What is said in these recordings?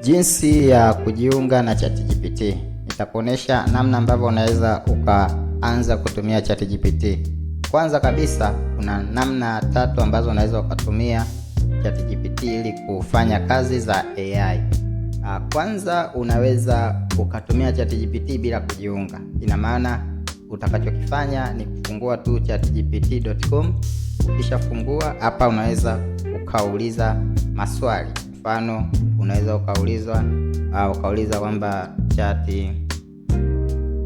Jinsi ya kujiunga na ChatGPT. Nitakuonesha namna ambavyo unaweza ukaanza kutumia ChatGPT. Kwanza kabisa, kuna namna tatu ambazo unaweza ukatumia ChatGPT ili kufanya kazi za AI. Ah, kwanza, unaweza ukatumia ChatGPT bila kujiunga. Ina maana utakachokifanya ni kufungua tu chatgpt.com. Ukishafungua hapa, unaweza ukauliza maswali Mfano, unaweza ukaulizwa au ukauliza kwamba chati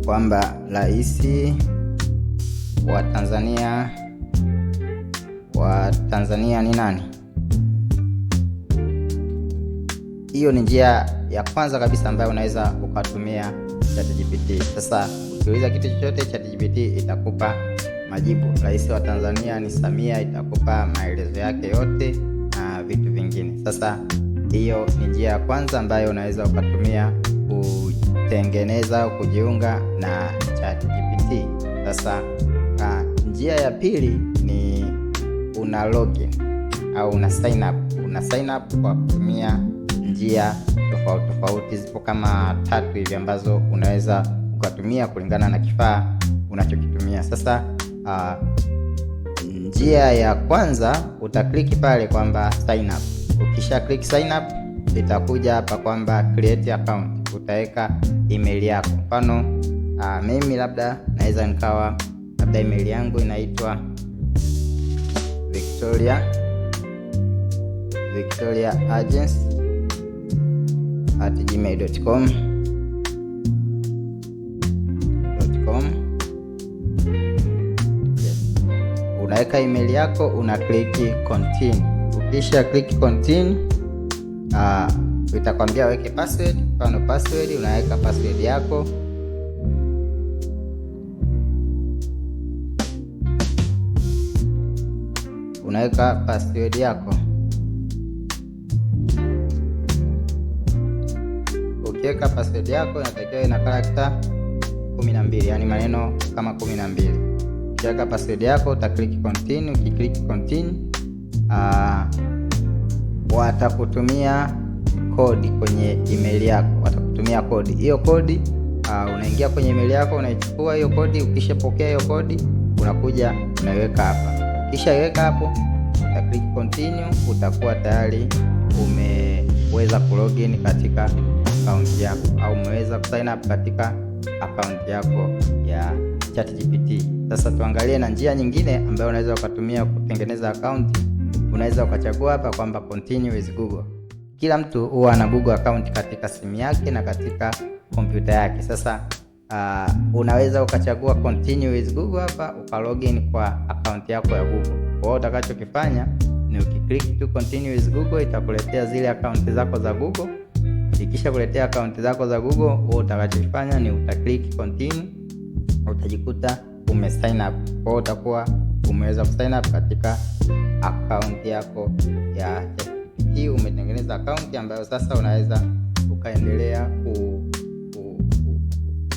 kwamba rais wa Tanzania wa Tanzania ni nani? Hiyo ni njia ya kwanza kabisa ambayo unaweza ukatumia ChatGPT. Sasa ukiuliza kitu chochote, ChatGPT itakupa majibu. Rais wa Tanzania ni Samia, itakupa maelezo yake yote na vitu vingine. Sasa hiyo ni njia ya kwanza ambayo unaweza ukatumia kutengeneza au kujiunga na ChatGPT. Sasa ah, njia ya pili ni una login au una sign up. Una sign up kwa kutumia njia tofauti tofauti, zipo kama tatu hivi ambazo unaweza ukatumia kulingana na kifaa unachokitumia. Sasa uh, njia ya kwanza utakliki pale kwamba sign up Ukisha click sign up, itakuja hapa kwamba create account, utaweka email yako. Mfano ah, mimi labda naweza nikawa labda email yangu inaitwa Victoria Victoria Agents at gmail.com Unaweka email yako una click continue kisha click continue. Uh, itakwambia weke password, mfano password, unaweka password yako unaweka password yako. Ukiweka password yako inatakiwa ina character 12, yani maneno kama 12. Ukiweka password yako uta click continue, ukiclick continue uh, watakutumia kodi kwenye email yako, watakutumia kodi hiyo. Kodi uh, unaingia kwenye email yako, unaichukua hiyo kodi. Ukishapokea hiyo kodi, unakuja unaiweka hapa, ukishaiweka hapo uta click continue, utakuwa tayari umeweza kulogin katika akaunti yako au umeweza kusign up katika akaunti yako ya ChatGPT. Sasa tuangalie na njia nyingine ambayo unaweza ukatumia kutengeneza akaunti unaweza ukachagua hapa kwamba continue with Google. Kila mtu huwa ana Google account katika simu yake na katika kompyuta yake. Sasa uh, unaweza ukachagua continue with Google hapa ukalogin kwa account yako ya Google. Kwa hiyo utakachokifanya ni ukiklik tu continue with Google itakuletea zile account zako za Google. Ikisha kuletea account zako za Google, wewe utakachofanya ni utaklik continue, utajikuta umesign up. Kwa hiyo utakuwa umeweza kusign up katika akaunti yako ya hii Umetengeneza akaunti ambayo sasa unaweza ukaendelea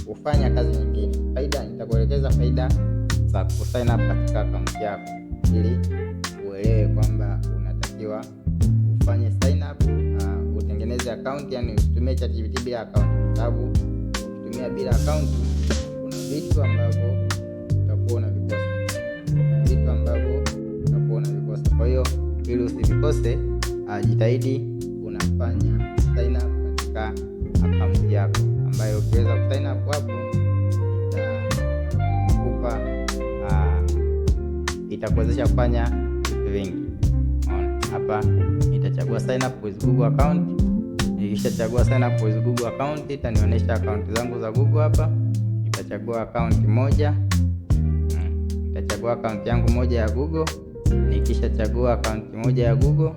kufanya kazi nyingine. Faida, nitakuelekeza faida za kusign up katika akaunti yako ili uelewe kwamba unatakiwa ufanye sign up, na uh, utengeneze akaunti, yani usitumie ChatGPT bila akaunti, kwa sababu ukitumia bila akaunti kuna vitu ambavyo vitu ambavyo unakuwa unavikosa. Kwa hiyo ili usivikose, ah, jitahidi unafanya sign up katika akaunti yako, ambayo ukiweza kusign up hapo itakupa ah, itakuwezesha kufanya vitu vingi. Hapa nitachagua sign up with Google account. Nikishachagua sign up with Google account, itanionyesha akaunti zangu za Google hapa. Nitachagua akaunti moja nitachagua akaunti yangu moja ya Google. Nikishachagua akaunti moja ya Google,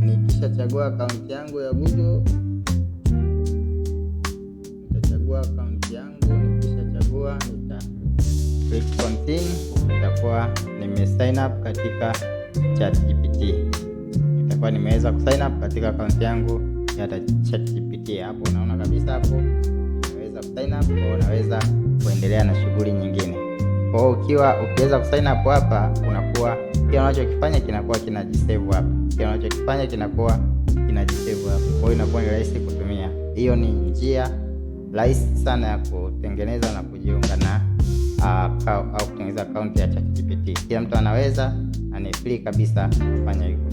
nikishachagua akaunti yangu ya Google, nitachagua akaunti yangu. Nikishachagua nita click continue, nitakuwa nime sign up katika ChatGPT, nitakuwa nimeweza ku sign up katika akaunti yangu ya ChatGPT. Hapo unaona kabisa hapo unaweza kusign up au unaweza kuendelea na shughuli nyingine. Kwa hiyo ukiwa ukiweza kusign up hapa, unakuwa kile unachokifanya kinakuwa kinajisave hapa, kile unachokifanya kinakuwa kinajisave hapa, kwa hiyo inakuwa ni rahisi kutumia. Hiyo ni njia rahisi sana ya kutengeneza na kujiunga na uh, au kutengeneza akaunti ya ChatGPT. Kila mtu anaweza na ni free kabisa kufanya hivyo.